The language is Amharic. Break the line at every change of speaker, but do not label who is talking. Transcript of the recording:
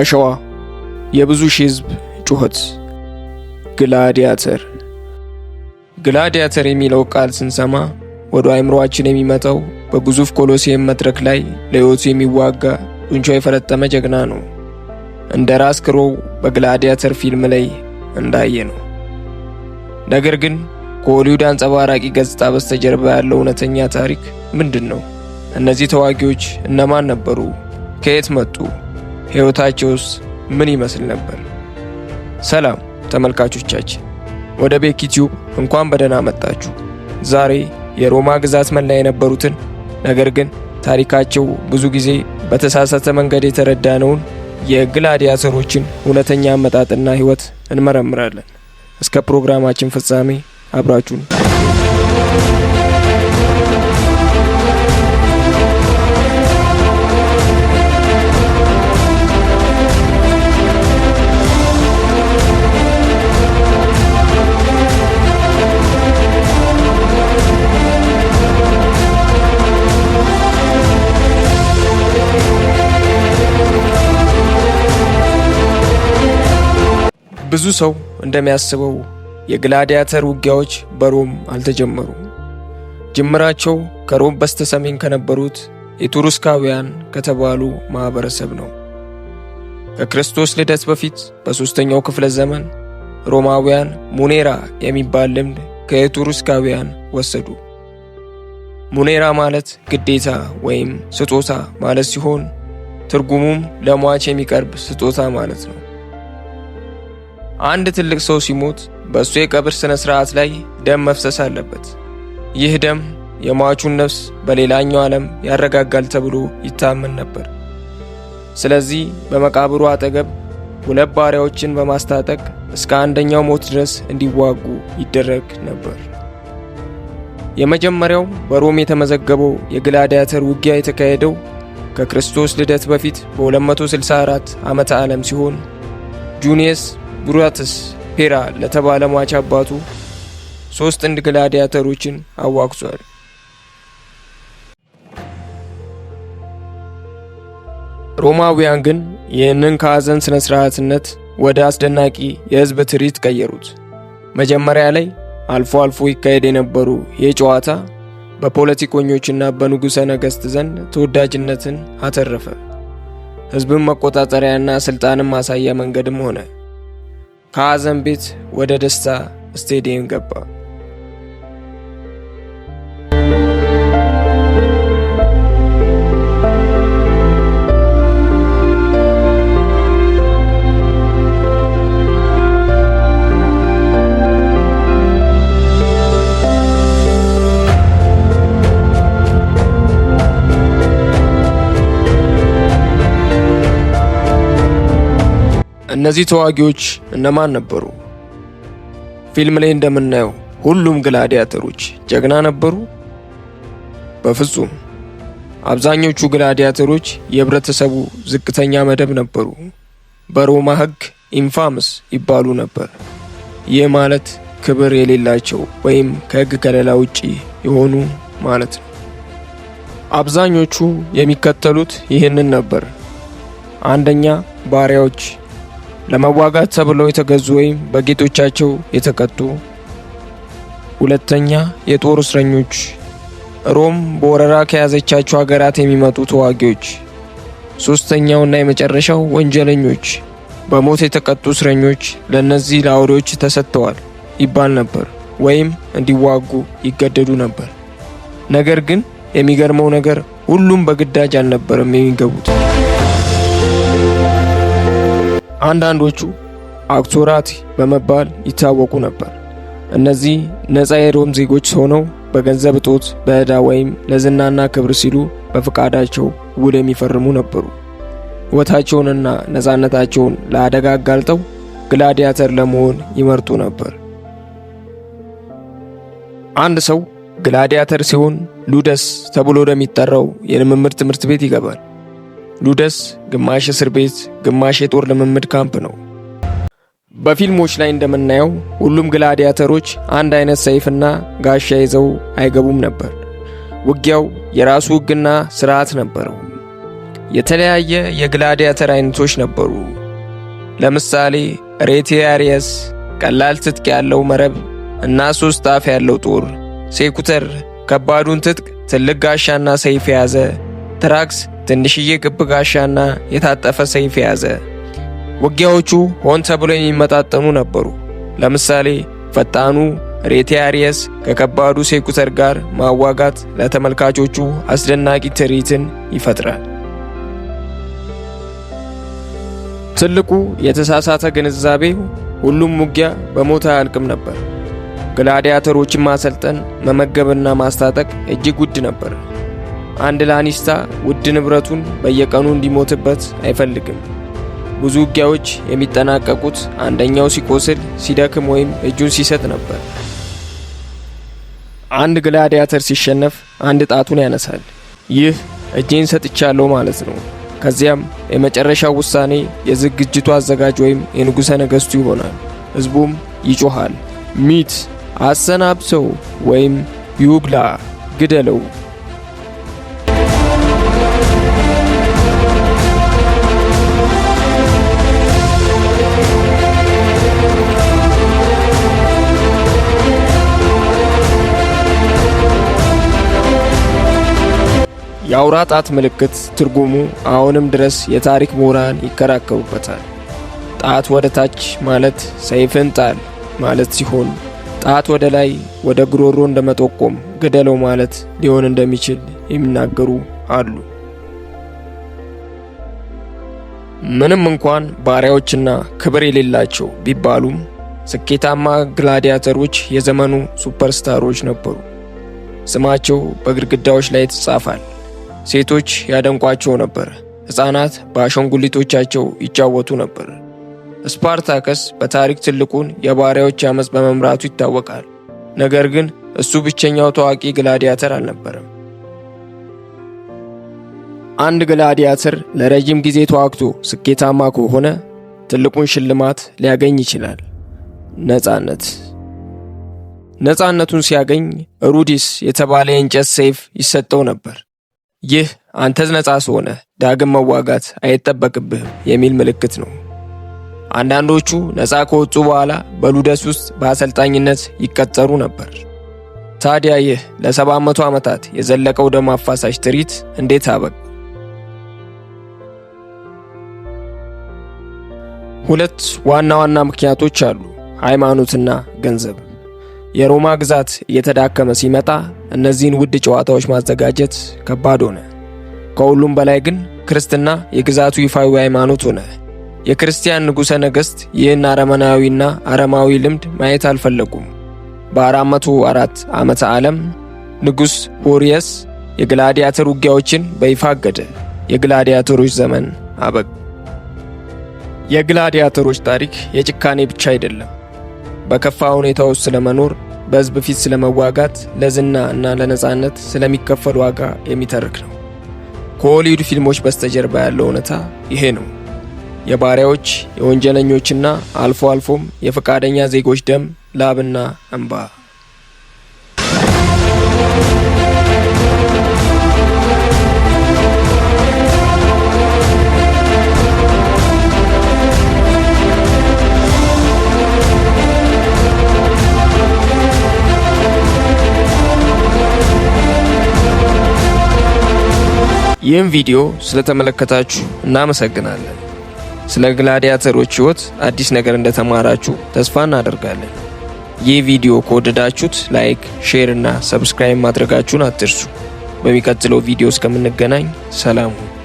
አሸዋ፣ የብዙ ሺህ ህዝብ ጩኸት። ግላዲያተር ግላዲያተር የሚለው ቃል ስንሰማ ወደ አእምሮአችን የሚመጣው በግዙፍ ኮሎሴም መድረክ ላይ ለሕይወቱ የሚዋጋ ጡንቻው የፈረጠመ ጀግና ነው። እንደ ራስ ክሮው በግላዲያተር ፊልም ላይ እንዳየ ነው። ነገር ግን ከሆሊውድ አንጸባራቂ ገጽታ በስተጀርባ ያለው እውነተኛ ታሪክ ምንድን ነው? እነዚህ ተዋጊዎች እነማን ነበሩ? ከየት መጡ? ሕይወታቸውስ ምን ይመስል ነበር? ሰላም ተመልካቾቻችን፣ ወደ ቤኪ ቲዩብ እንኳን በደህና መጣችሁ። ዛሬ የሮማ ግዛት መላ የነበሩትን ነገር ግን ታሪካቸው ብዙ ጊዜ በተሳሳተ መንገድ የተረዳነውን የግላዲያተሮችን እውነተኛ አመጣጥና ሕይወት እንመረምራለን። እስከ ፕሮግራማችን ፍጻሜ አብራችሁን ብዙ ሰው እንደሚያስበው የግላዲያተር ውጊያዎች በሮም አልተጀመሩም። ጅምራቸው ከሮም በስተ ሰሜን ከነበሩት ኤቱሩስካውያን ከተባሉ ማኅበረሰብ ነው። ከክርስቶስ ልደት በፊት በሦስተኛው ክፍለ ዘመን ሮማውያን ሙኔራ የሚባል ልምድ ከኤቱሩስካውያን ወሰዱ። ሙኔራ ማለት ግዴታ ወይም ስጦታ ማለት ሲሆን ትርጉሙም ለሟች የሚቀርብ ስጦታ ማለት ነው። አንድ ትልቅ ሰው ሲሞት በእሱ የቀብር ሥነ ሥርዓት ላይ ደም መፍሰስ አለበት። ይህ ደም የሟቹን ነፍስ በሌላኛው ዓለም ያረጋጋል ተብሎ ይታመን ነበር። ስለዚህ በመቃብሩ አጠገብ ሁለት ባሪያዎችን በማስታጠቅ እስከ አንደኛው ሞት ድረስ እንዲዋጉ ይደረግ ነበር። የመጀመሪያው በሮም የተመዘገበው የግላዲያተር ውጊያ የተካሄደው ከክርስቶስ ልደት በፊት በ264 ዓመተ ዓለም ሲሆን ጁኒየስ ጉራትስ ፔራ ለተባለ ሟች አባቱ ሶስት ጥንድ ግላዲያተሮችን አዋግዟል። ሮማውያን ግን ይህንን ከሐዘን ስነ ሥርዓትነት ወደ አስደናቂ የሕዝብ ትርኢት ቀየሩት። መጀመሪያ ላይ አልፎ አልፎ ይካሄድ የነበሩ ይህ ጨዋታ በፖለቲከኞችና በንጉሠ ነገሥት ዘንድ ተወዳጅነትን አተረፈ። ሕዝብን መቆጣጠሪያና ስልጣንን ማሳያ መንገድም ሆነ። ከሐዘን ቤት ወደ ደስታ ስቴዲየም ገባ። እነዚህ ተዋጊዎች እነማን ነበሩ? ፊልም ላይ እንደምናየው ሁሉም ግላዲያተሮች ጀግና ነበሩ? በፍጹም። አብዛኞቹ ግላዲያተሮች የህብረተሰቡ ዝቅተኛ መደብ ነበሩ። በሮማ ህግ ኢንፋምስ ይባሉ ነበር። ይህ ማለት ክብር የሌላቸው ወይም ከህግ ከለላ ውጪ የሆኑ ማለት ነው። አብዛኞቹ የሚከተሉት ይህንን ነበር። አንደኛ ባሪያዎች ለመዋጋት ተብለው የተገዙ ወይም በጌቶቻቸው የተቀጡ። ሁለተኛ የጦር እስረኞች፣ ሮም በወረራ ከያዘቻቸው ሀገራት የሚመጡ ተዋጊዎች። ሶስተኛውና የመጨረሻው ወንጀለኞች፣ በሞት የተቀጡ እስረኞች ለእነዚህ ለአውሬዎች ተሰጥተዋል ይባል ነበር ወይም እንዲዋጉ ይገደዱ ነበር። ነገር ግን የሚገርመው ነገር ሁሉም በግዳጅ አልነበረም የሚገቡት። አንዳንዶቹ አክቶራት በመባል ይታወቁ ነበር። እነዚህ ነፃ የሮም ዜጎች ሆነው በገንዘብ እጦት፣ በዕዳ ወይም ለዝናና ክብር ሲሉ በፈቃዳቸው ውል የሚፈርሙ ነበሩ። ሕይወታቸውንና ነፃነታቸውን ለአደጋ አጋልጠው ግላዲያተር ለመሆን ይመርጡ ነበር። አንድ ሰው ግላዲያተር ሲሆን ሉደስ ተብሎ ወደሚጠራው የልምምድ ትምህርት ቤት ይገባል። ሉደስ ግማሽ እስር ቤት፣ ግማሽ የጦር ልምምድ ካምፕ ነው። በፊልሞች ላይ እንደምናየው ሁሉም ግላዲያተሮች አንድ አይነት ሰይፍና ጋሻ ይዘው አይገቡም ነበር። ውጊያው የራሱ ሕግና ስርዓት ነበረው። የተለያየ የግላዲያተር አይነቶች ነበሩ። ለምሳሌ ሬቴያሪየስ ቀላል ትጥቅ ያለው መረብ እና ሶስት አፍ ያለው ጦር፣ ሴኩተር ከባዱን ትጥቅ ትልቅ ጋሻና ሰይፍ የያዘ፣ ትራክስ ትንሽዬ ክብ ጋሻና የታጠፈ ሰይፍ የያዘ። ውጊያዎቹ ሆን ተብሎ የሚመጣጠኑ ነበሩ። ለምሳሌ ፈጣኑ ሬቲያሪየስ ከከባዱ ሴኩተር ጋር ማዋጋት ለተመልካቾቹ አስደናቂ ትርኢትን ይፈጥራል። ትልቁ የተሳሳተ ግንዛቤ ሁሉም ውጊያ በሞት አያልቅም ነበር። ግላዲያተሮችን ማሰልጠን፣ መመገብና ማስታጠቅ እጅግ ውድ ነበር። አንድ ላኒስታ ውድ ንብረቱን በየቀኑ እንዲሞትበት አይፈልግም። ብዙ ውጊያዎች የሚጠናቀቁት አንደኛው ሲቆስል፣ ሲደክም ወይም እጁን ሲሰጥ ነበር። አንድ ግላዲያተር ሲሸነፍ አንድ ጣቱን ያነሳል። ይህ እጄን ሰጥቻለሁ ማለት ነው። ከዚያም የመጨረሻው ውሳኔ የዝግጅቱ አዘጋጅ ወይም የንጉሠ ነገሥቱ ይሆናል። ሕዝቡም ይጮኻል፣ ሚት አሰናብሰው ወይም ይውግላ ግደለው። የአውራ ጣት ምልክት ትርጉሙ አሁንም ድረስ የታሪክ ምሁራን ይከራከሩበታል። ጣት ወደ ታች ማለት ሰይፍን ጣል ማለት ሲሆን ጣት ወደ ላይ ወደ ጉሮሮ እንደመጠቆም ግደለው ማለት ሊሆን እንደሚችል የሚናገሩ አሉ። ምንም እንኳን ባሪያዎችና ክብር የሌላቸው ቢባሉም ስኬታማ ግላዲያተሮች የዘመኑ ሱፐርስታሮች ነበሩ። ስማቸው በግድግዳዎች ላይ ይጻፋል። ሴቶች ያደንቋቸው ነበር፣ ሕፃናት በአሻንጉሊቶቻቸው ይጫወቱ ነበር። ስፓርታከስ በታሪክ ትልቁን የባሪያዎች አመፅ በመምራቱ ይታወቃል። ነገር ግን እሱ ብቸኛው ታዋቂ ግላዲያተር አልነበረም። አንድ ግላዲያተር ለረጅም ጊዜ ተዋግቶ ስኬታማ ከሆነ ትልቁን ሽልማት ሊያገኝ ይችላል፣ ነፃነት። ነፃነቱን ሲያገኝ ሩዲስ የተባለ የእንጨት ሰይፍ ይሰጠው ነበር። ይህ አንተ ነጻ ስሆነ ዳግም መዋጋት አይጠበቅብህም የሚል ምልክት ነው። አንዳንዶቹ ነጻ ከወጡ በኋላ በሉደስ ውስጥ በአሰልጣኝነት ይቀጠሩ ነበር። ታዲያ ይህ ለሰባት መቶ ዓመታት የዘለቀው ደም አፋሳሽ ትርኢት እንዴት አበቅ? ሁለት ዋና ዋና ምክንያቶች አሉ፤ ሃይማኖትና ገንዘብ። የሮማ ግዛት እየተዳከመ ሲመጣ እነዚህን ውድ ጨዋታዎች ማዘጋጀት ከባድ ሆነ። ከሁሉም በላይ ግን ክርስትና የግዛቱ ይፋዊ ሃይማኖት ሆነ። የክርስቲያን ንጉሠ ነገሥት ይህን አረመናዊና አረማዊ ልምድ ማየት አልፈለጉም። በ44 ዓመተ ዓለም ንጉሥ ሆሪየስ የግላዲያተር ውጊያዎችን በይፋ አገደ። የግላዲያተሮች ዘመን አበቅ። የግላዲያተሮች ታሪክ የጭካኔ ብቻ አይደለም። በከፋ ሁኔታ ውስጥ ስለመኖር፣ በሕዝብ ፊት ስለመዋጋት፣ ለዝና እና ለነፃነት ስለሚከፈል ዋጋ የሚተርክ ነው። ከሆሊውድ ፊልሞች በስተጀርባ ያለው እውነታ ይሄ ነው። የባሪያዎች የወንጀለኞችና አልፎ አልፎም የፈቃደኛ ዜጎች ደም፣ ላብና እንባ ይህም ቪዲዮ ስለተመለከታችሁ እናመሰግናለን። ስለ ግላዲያተሮች ሕይወት አዲስ ነገር እንደተማራችሁ ተስፋ እናደርጋለን። ይህ ቪዲዮ ከወደዳችሁት ላይክ፣ ሼር እና ሰብስክራይብ ማድረጋችሁን አትርሱ። በሚቀጥለው ቪዲዮ እስከምንገናኝ ሰላም ሁኑ።